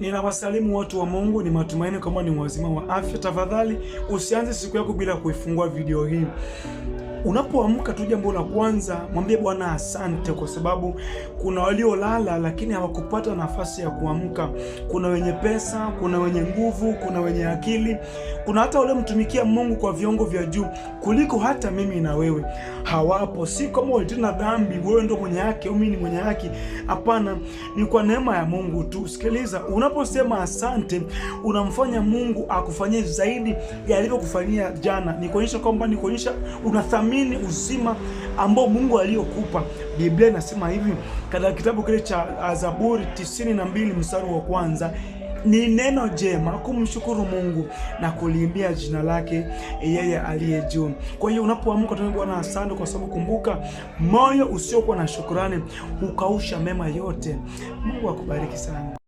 Ninawasalimu watu wa Mungu, ni matumaini kama ni wazima wa afya. Tafadhali usianze siku yako bila kuifungua video hii. Unapoamka tu, jambo la kwanza mwambie Bwana asante, kwa sababu kuna waliolala lakini hawakupata nafasi ya kuamka. Kuna wenye pesa, kuna wenye nguvu, kuna wenye akili, kuna hata waliomtumikia Mungu kwa viongo vya juu kuliko hata mimi na wewe. Hawapo, si kama walitenda dhambi, wewe ndo mwenye haki au mimi ni mwenye haki. Hapana, ni kwa neema ya Mungu tu. Sikiliza, unaposema asante, unamfanya Mungu akufanyie zaidi alivyokufanyia jana. Ni kuonyesha kwamba ni kuonyesha unathamini kuthamini uzima ambao Mungu aliyokupa. Biblia inasema hivi katika kitabu kile cha uh, Zaburi tisini na mbili mstari wa kwanza ni neno jema kumshukuru Mungu na kuliimbia jina lake yeye aliye juu. Kwa hiyo unapoamka tu Bwana, asante, kwa sababu kumbuka, moyo usiokuwa na shukurani hukausha mema yote. Mungu akubariki sana.